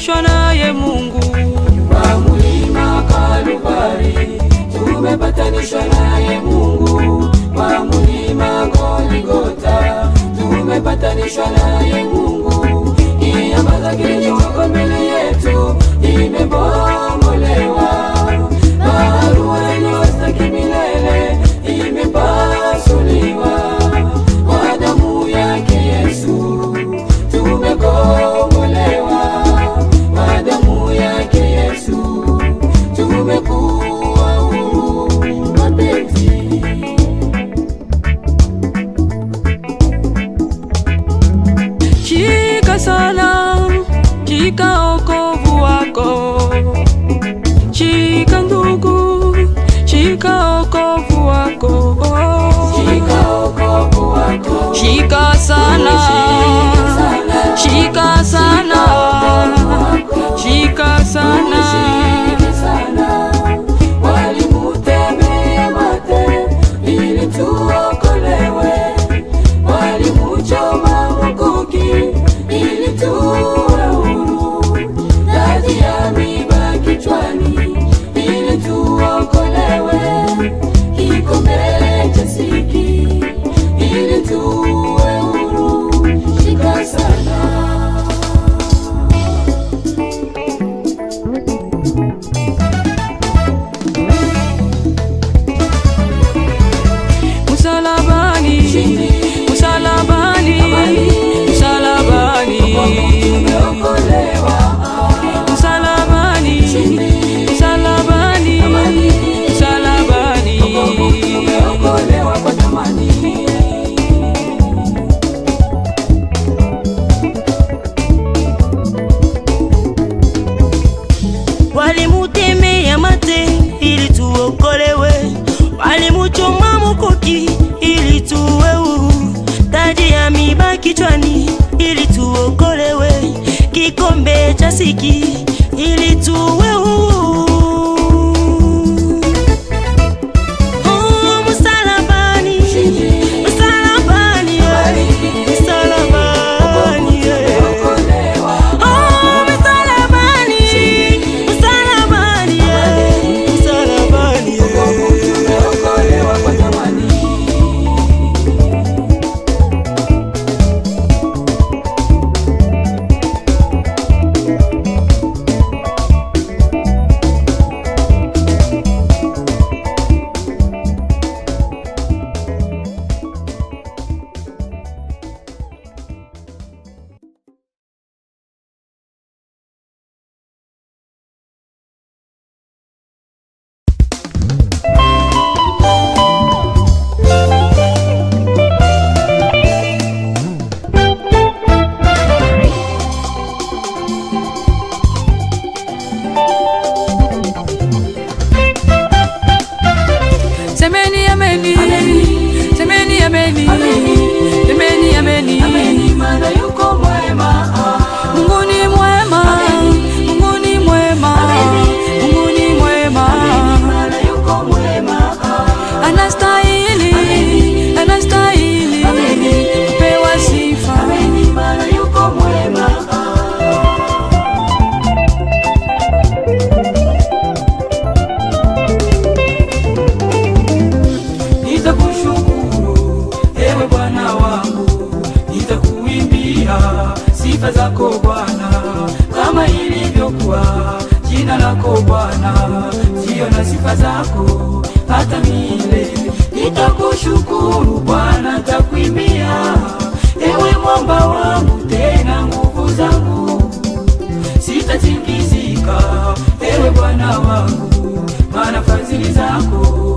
tumeunganishwa naye Mungu kwa mlima Kalvari, tumepatanishwa naye Mungu kwa mlima Golgotha, tumepatanishwa naye Mungu do. yako hata milele. Nitakushukuru Bwana, takwimia ewe mwamba wangu, tena nguvu zangu. Sitatingizika ewe Bwana wangu, maana fadhili zako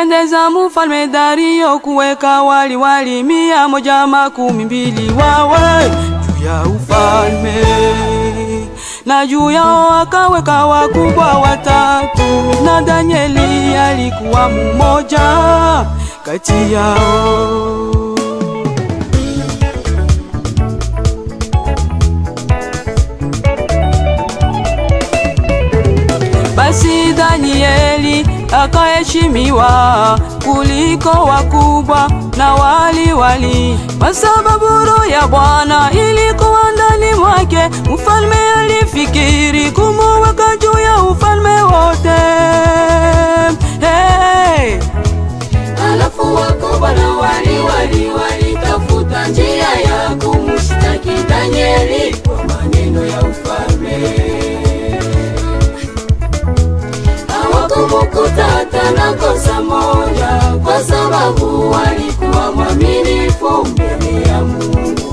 Pendeza mfalme Dario kuweka wali wali mia moja makumi mbili wawe juu ya ufalme na juu yao akaweka wakubwa watatu, na Danieli alikuwa mmoja kati yao. Basi Danieli akaheshimiwa kuliko wakubwa na waliwali, kwa sababu roho ya Bwana ilikuwa ndani mwake. Mfalme alifika hata na kosa moja, kwa sababu walikuwa mwaminifu mbele ya Mungu.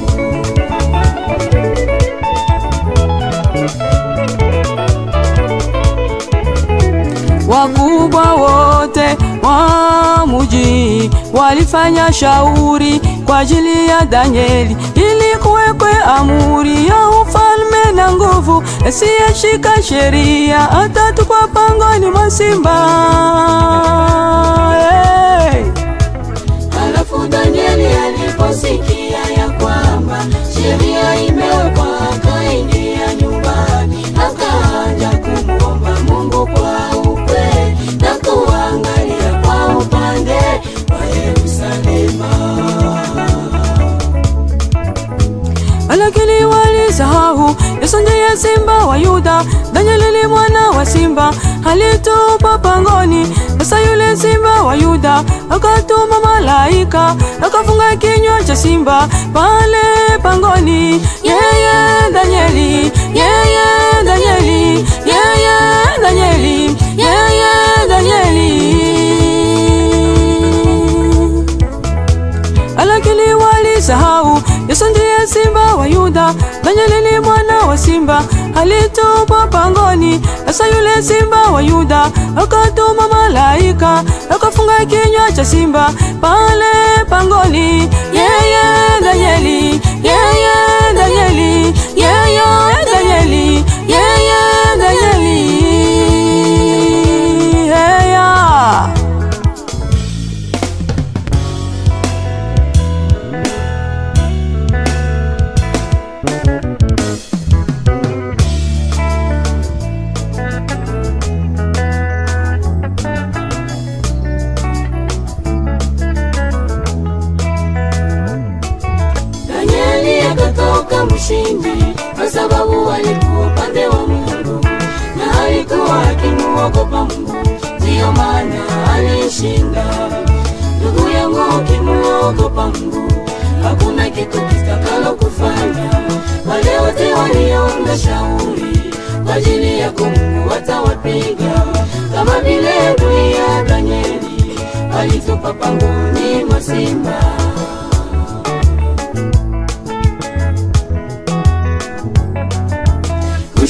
Wakubwa wote wa mji walifanya shauri kwa ajili ya Danieli ili kuwekwe amuri ya ufalme na nguvu, asiyeshika sheria atatupwa pangoni mwa simba. Hey. Halafu Danieli aliposikia simba wa Yuda, Danieli mwana wa simba alitupa pangoni. Sasa yule simba wa Yuda akatuma malaika akafunga kinywa cha simba pale pangoni. Yeye Danieli, yeye Danieli, yeye Danieli, yeye Danieli, alakini walisahau Yesu ndiye simba wa Yuda. Danyelini mwana wa simba alitupwa pangoni, sasa yule simba wa Yuda akatuma malaika akafunga kinywa cha simba pale pangoni. Yeye Danyeli, yeye Danyeli, yeye sababu alikuwa upande wa Mungu na alikuwa akimuogopa Mungu, ndiyo maana alishinda. Ndugu yangu, ukimuogopa Mungu hakuna kitu kitakalo kufanya. Wale wote waliounda shauri kwa ajili ya Mungu watawapiga kama vile adui ya Danieli alitupa panguni mwa simba.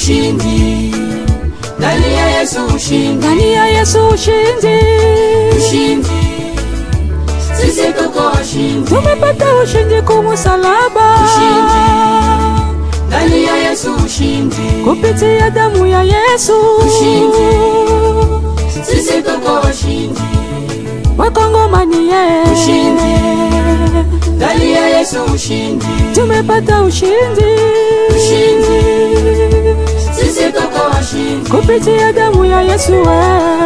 ushindi ndani ya Yesu ushindi ndani ya Yesu ushindi ushindi sisi tuko washindi tumepata ushindi kwa ushindi ndani ya Yesu ushindi kupitia damu ya Yesu ushindi sisi tuko washindi wakongomani ye ushindi ndani ya Yesu ushindi tumepata ushindi ushindi sisi tuko washindi kupitia damu ya Yesu wewe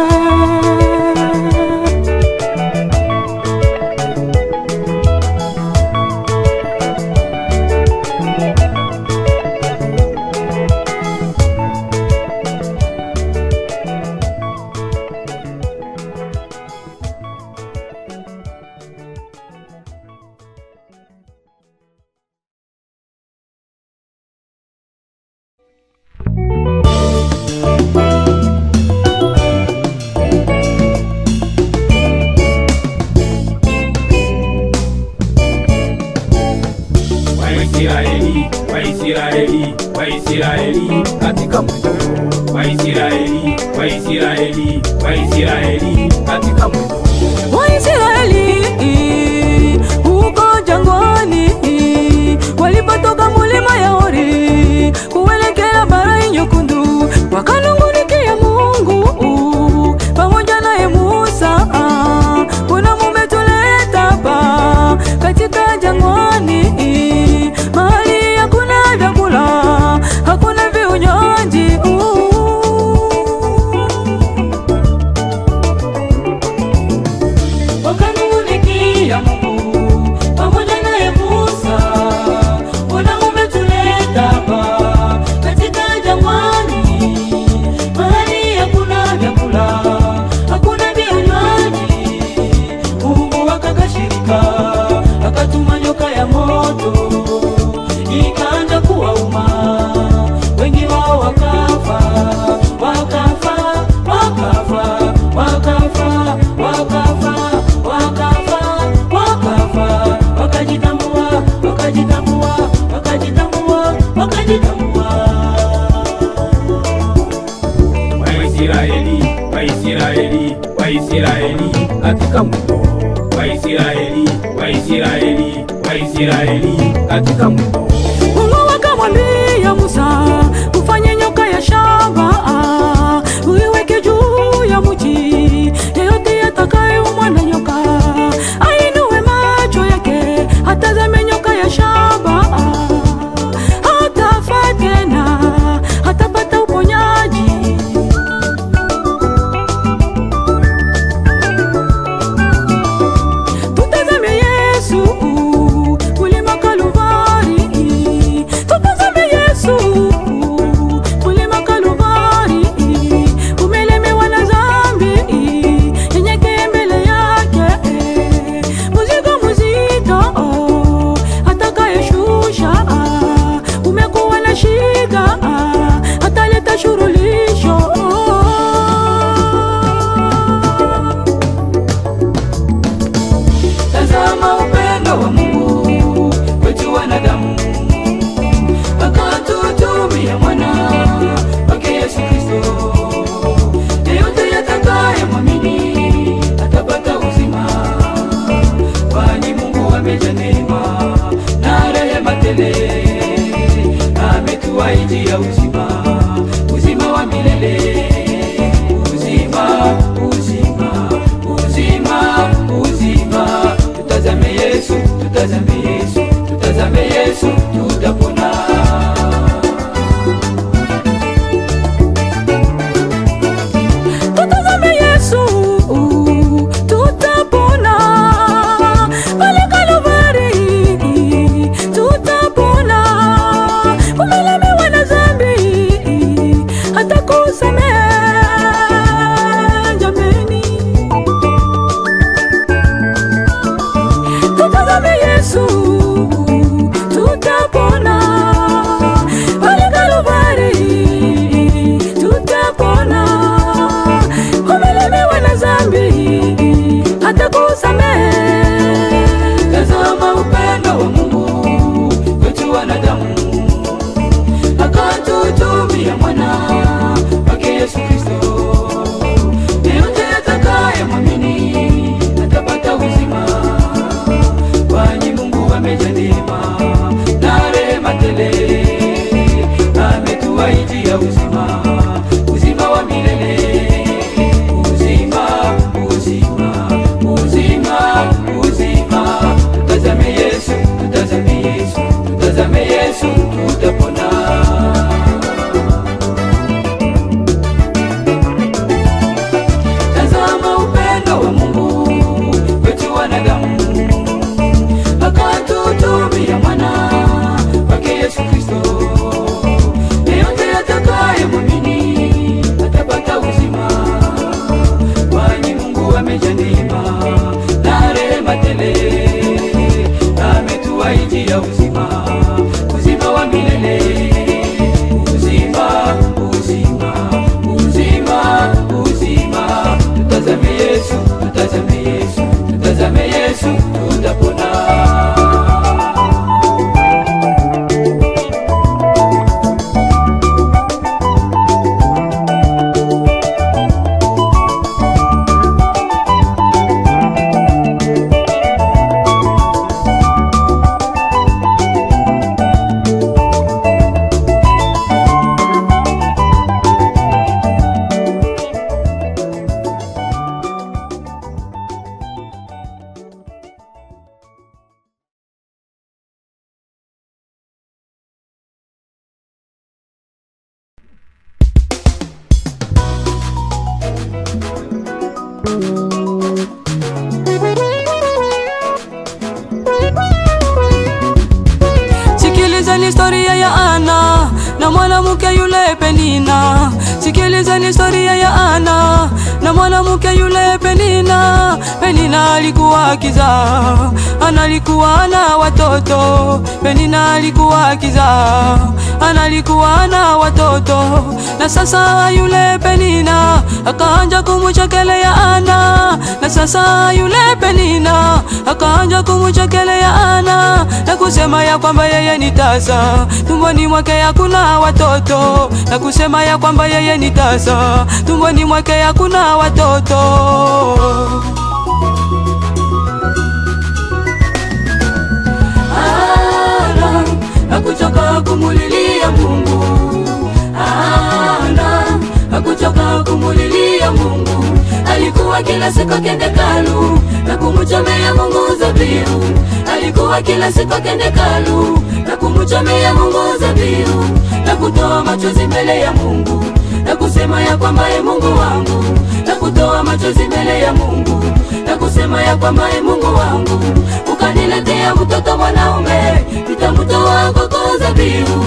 在见，毕 mwanamke yule Penina. Sikilizeni historia ya Ana na mwanamke yule Penina. Penina alikuwa kiza, Ana alikuwa na watoto. Penina alikuwa kiza, analikuwa na watoto na sasa yule Penina akaanja kumuchekelea Ana na sasa yule Penina akaanja kumuchekelea Ana na kusema ya kwamba yeye ni tasa, tumboni mwake hakuna watoto na kusema ya kwamba yeye ni tasa, tumboni mwake hakuna watoto. alikuwa kila siku akende kalu na kumchomea Mungu dhabihu, alikuwa kila siku akende kalu na kumchomea Mungu dhabihu, na kutoa machozi mbele ya Mungu na kusema ya kwamba ye Mungu wangu, na kutoa machozi mbele ya Mungu na kusema ya kwamba ye Mungu wangu, ukaniletea mtoto mwanaume, nitamtoa kwa dhabihu,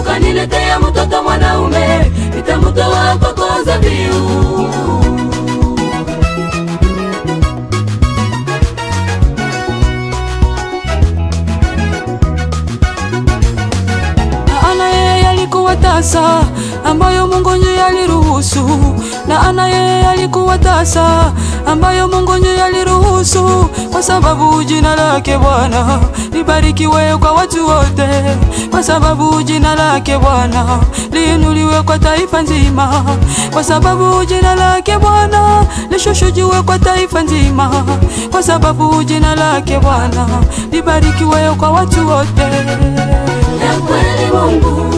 ukaniletea mtoto mwanaume, nitamtoa kwa dhabihu tasa ambayo Mungu yeye aliruhusu na ana yeye alikuwa tasa ambayo Mungu yeye aliruhusu, kwa sababu jina lake Bwana libarikiwe kwa watu wote, kwa sababu jina lake Bwana liinuliwe kwa taifa nzima, kwa sababu jina lake Bwana lishushujiwe kwa taifa nzima, kwa sababu jina lake Bwana libarikiwe kwa watu wote. Na kweli Mungu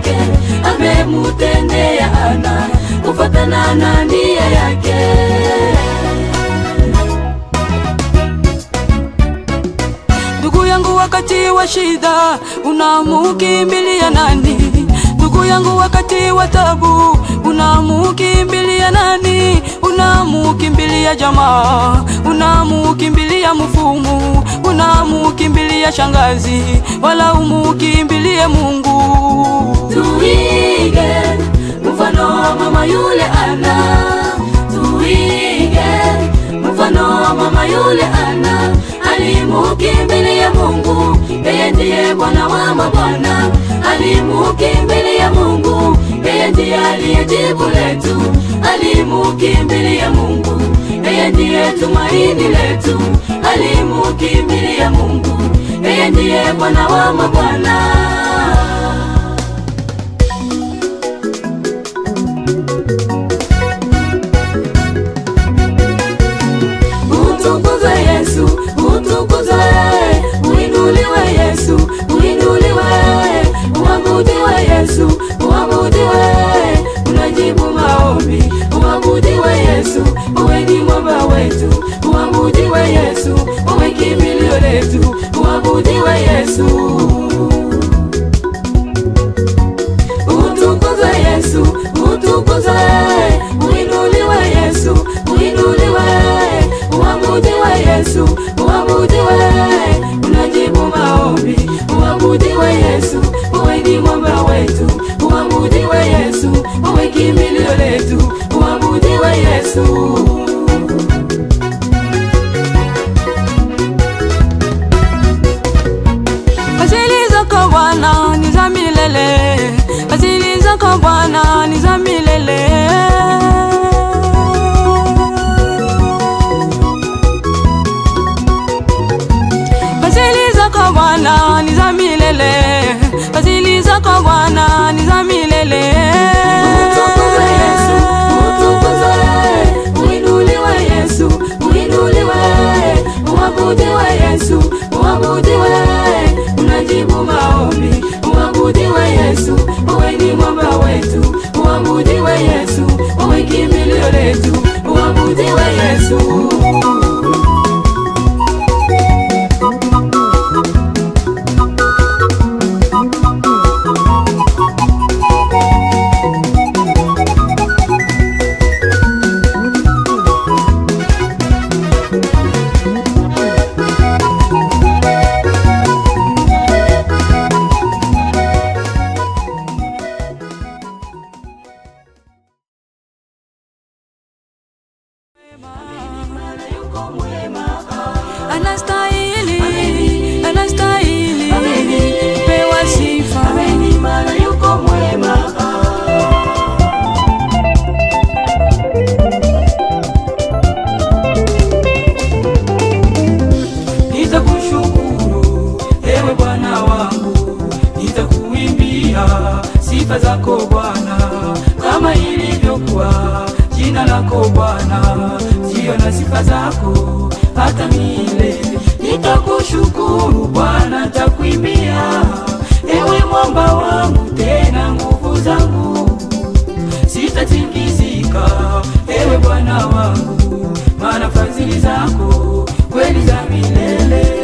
yake amemutendea ana kufatana na nia yake. Ndugu yangu wakati wa shida unamukimbilia nani? Ndugu yangu wakati wa tabu unamukimbilia nani? unamukimbilia jamaa, unamukimbilia mfumu, unamukimbilia shangazi, wala umukimbilie Mungu. Tuige mfano wa mama yule Ana, tuige mfano wa mama yule Ana ya Mungu, yeye ndiye Bwana wa mabwana, ya Mungu, yeye ndiye jibu letu, ya Mungu, yeye ndiye tumaini letu, ya Mungu, yeye ndiye Bwana wa mabwana. Yesu, uabudiwe, unajibu maombi, uabudiwe Yesu, uwe ni mwamba wetu, uabudiwe Yesu, uwe kimbilio letu, uabudiwe Yesu Bwana, kama ilivyokuwa jina lako Bwana, sio na sifa zako hata milele. Nitakushukuru Bwana, takwimia ewe mwamba wangu, tena nguvu zangu, sitatingizika ewe Bwana wangu, maana fadhili zako kweli za milele.